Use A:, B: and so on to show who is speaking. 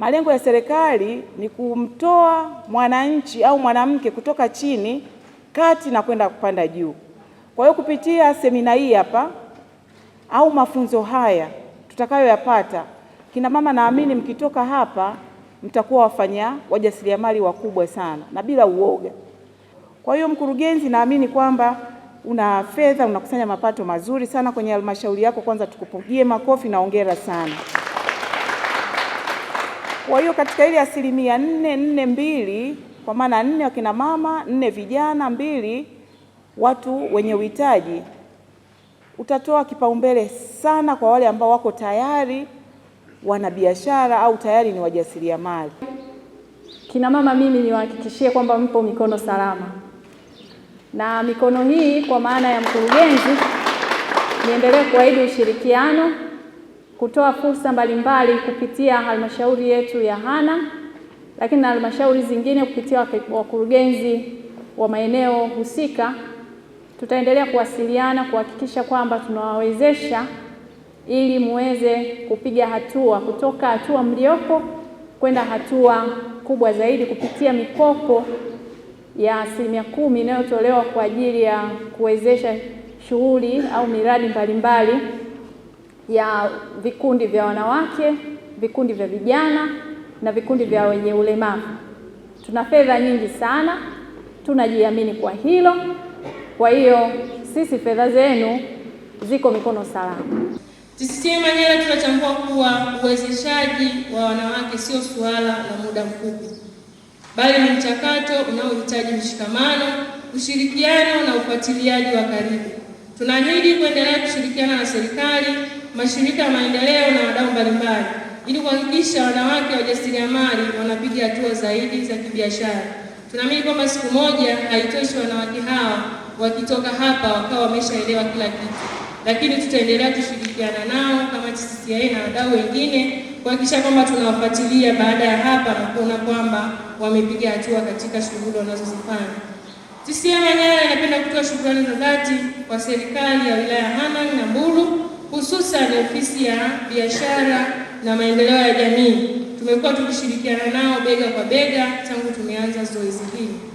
A: Malengo ya serikali ni kumtoa mwananchi au mwanamke kutoka chini kati na kwenda kupanda juu. Kwa hiyo kupitia semina hii hapa au mafunzo haya tutakayoyapata, kina mama, naamini mkitoka hapa mtakuwa wafanya wajasiriamali wakubwa sana na bila uoga. Kwa hiyo mkurugenzi, naamini kwamba una fedha, unakusanya mapato mazuri sana kwenye halmashauri yako. Kwanza tukupigie makofi na hongera sana. Kwa hiyo katika ile asilimia nne nne mbili kwa maana nne wakina mama, nne vijana, mbili watu wenye uhitaji, utatoa kipaumbele sana kwa wale ambao wako tayari wana biashara au tayari ni wajasiriamali.
B: Kina mama, mimi niwahakikishie kwamba mpo mikono salama, na mikono hii kwa maana ya mkurugenzi, niendelee kuahidi ushirikiano kutoa fursa mbalimbali kupitia halmashauri yetu ya Hana, lakini na halmashauri zingine kupitia wakurugenzi wa maeneo husika. Tutaendelea kuwasiliana kuhakikisha kwamba tunawawezesha ili muweze kupiga hatua kutoka hatua mliopo kwenda hatua kubwa zaidi kupitia mikopo ya asilimia kumi inayotolewa kwa ajili ya kuwezesha shughuli au miradi mbalimbali mbali ya vikundi vya wanawake, vikundi vya vijana na vikundi vya wenye ulemavu. Tuna fedha nyingi sana, tunajiamini kwa hilo. Kwa hiyo sisi fedha zenu ziko mikono salama.
C: Sisi Manyara tunatambua kuwa uwezeshaji wa wanawake sio suala la muda mfupi, bali ni mchakato unaohitaji mshikamano, ushirikiano na ufuatiliaji wa karibu. Tunaahidi kuendelea kushirikiana na serikali mashirika ya maendeleo na wadau mbalimbali ili kuhakikisha wanawake wajasiriamali wanapiga hatua zaidi za kibiashara. Tunaamini kwamba siku moja haitoshi wanawake hawa wakitoka hapa wakawa wameshaelewa kila kitu, lakini tutaendelea kushirikiana nao kama TCCIA na wadau wengine kuhakikisha kwamba tunawafuatilia baada ya hapa na kuona kwamba wamepiga hatua katika shughuli wanazozifanya. TCCIA Manyara inapenda kutoa shukrani za dhati kwa serikali ya wilaya Hanang na Mbulu hususan ofisi ya biashara na maendeleo ya jamii, tumekuwa tukishirikiana nao bega kwa bega tangu tumeanza zoezi hili.